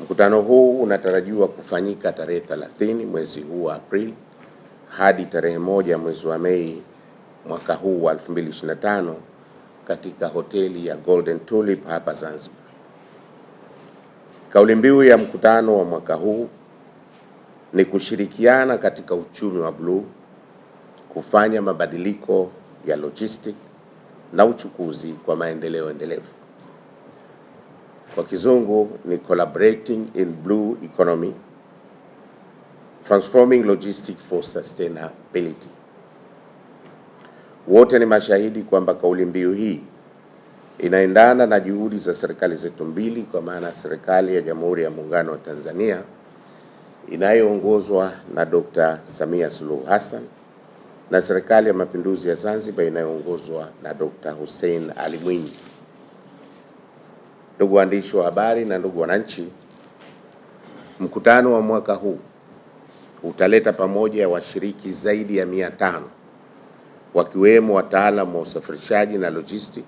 Mkutano huu unatarajiwa kufanyika tarehe 30 mwezi huu wa Aprili hadi tarehe moja mwezi wa Mei mwaka huu wa 2025 katika hoteli ya Golden Tulip hapa Zanzibar. Kauli mbiu ya mkutano wa mwaka huu ni kushirikiana katika uchumi wa bluu, kufanya mabadiliko ya logistic na uchukuzi kwa maendeleo endelevu kwa kizungu ni collaborating in blue economy transforming logistics for sustainability. Wote ni mashahidi kwamba kauli mbiu hii inaendana na juhudi za serikali zetu mbili, kwa maana serikali ya Jamhuri ya Muungano wa Tanzania inayoongozwa na Dr. Samia Suluhu Hassan na serikali ya Mapinduzi ya Zanzibar inayoongozwa na Dr. Hussein Ali Mwinyi. Ndugu waandishi wa habari na ndugu wananchi, mkutano wa mwaka huu utaleta pamoja ya washiriki zaidi ya mia tano wakiwemo wataalamu wa usafirishaji na logistics,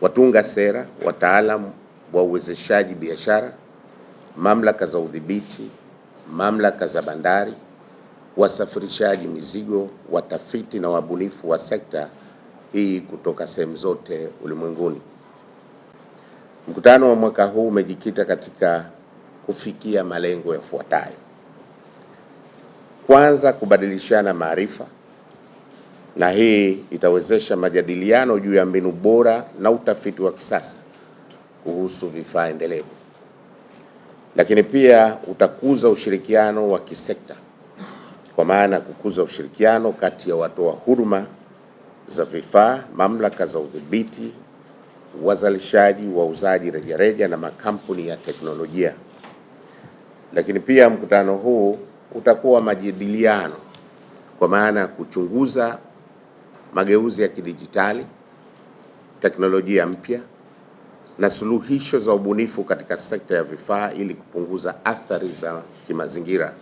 watunga sera, wataalamu wa uwezeshaji biashara, mamlaka za udhibiti, mamlaka za bandari, wasafirishaji mizigo, watafiti na wabunifu wa sekta hii kutoka sehemu zote ulimwenguni. Mkutano wa mwaka huu umejikita katika kufikia malengo yafuatayo: kwanza, kubadilishana maarifa, na hii itawezesha majadiliano juu ya mbinu bora na utafiti wa kisasa kuhusu vifaa endelevu, lakini pia utakuza ushirikiano wa kisekta, kwa maana kukuza ushirikiano kati ya watoa huduma za vifaa, mamlaka za udhibiti wazalishaji, wauzaji rejareja na makampuni ya teknolojia. Lakini pia mkutano huu utakuwa majadiliano kwa maana ya kuchunguza mageuzi ya kidijitali, teknolojia mpya na suluhisho za ubunifu katika sekta ya vifaa ili kupunguza athari za kimazingira.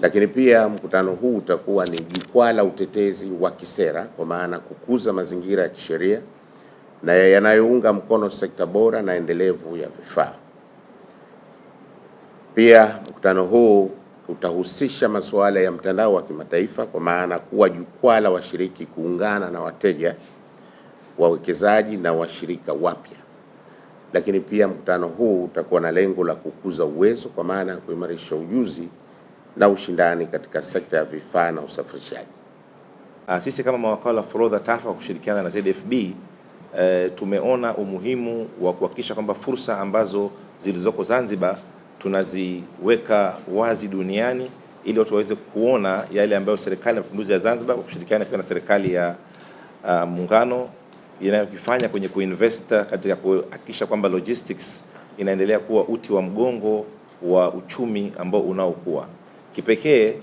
Lakini pia mkutano huu utakuwa ni jukwaa la utetezi wa kisera kwa maana kukuza mazingira ya kisheria na yanayounga mkono sekta bora na endelevu ya vifaa. Pia mkutano huu utahusisha masuala ya mtandao wa kimataifa kwa maana kuwa jukwaa la washiriki kuungana na wateja, wawekezaji na washirika wapya. Lakini pia mkutano huu utakuwa na lengo la kukuza uwezo kwa maana ya kuimarisha ujuzi na ushindani katika sekta ya vifaa na usafirishaji. Ah, sisi kama mawakala wa forodha TAFA kwa kushirikiana na ZFB e, tumeona umuhimu wa kuhakikisha kwamba fursa ambazo zilizoko Zanzibar tunaziweka wazi duniani ili watu waweze kuona yale ambayo serikali ya mapinduzi ya Zanzibar kwa kushirikiana pia na serikali ya uh, muungano inayokifanya kwenye kuinvest katika kuhakikisha kwamba logistics inaendelea kuwa uti wa mgongo wa uchumi ambao unaokuwa. Kipekee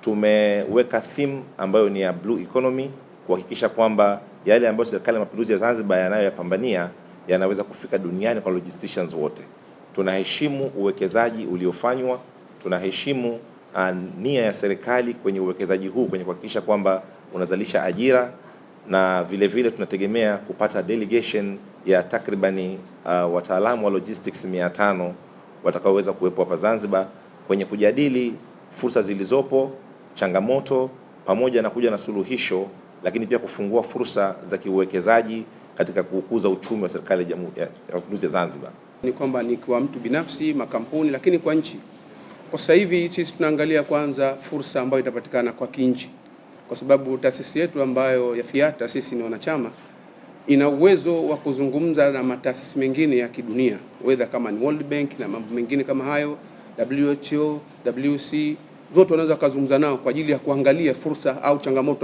tumeweka theme ambayo ni ya blue economy kuhakikisha kwamba yale ambayo serikali ya mapinduzi ya Zanzibar yanayoyapambania yanaweza kufika duniani kwa logisticians wote. Tunaheshimu uwekezaji uliofanywa, tunaheshimu ah, nia ya serikali kwenye uwekezaji huu kwenye kuhakikisha kwamba unazalisha ajira na vile vile tunategemea kupata delegation ya takribani uh, wataalamu wa logistics 500 watakaoweza kuwepo hapa Zanzibar kwenye kujadili fursa zilizopo, changamoto pamoja na kuja na suluhisho lakini pia kufungua fursa za kiuwekezaji katika kukuza uchumi wa serikali ya Jamhuri ya Mapinduzi ya Zanzibar. Ni kwamba ni kwa mtu binafsi, makampuni, lakini kwa nchi. Kwa sasa hivi sisi tunaangalia kwanza fursa ambayo itapatikana kwa kinchi, kwa sababu taasisi yetu ambayo ya Fiata sisi ni wanachama ina uwezo wa kuzungumza na mataasisi mengine ya kidunia, wedha kama ni World Bank na mambo mengine kama hayo, WHO, WC, zote wanaweza kuzungumza nao kwa ajili ya kuangalia fursa au changamoto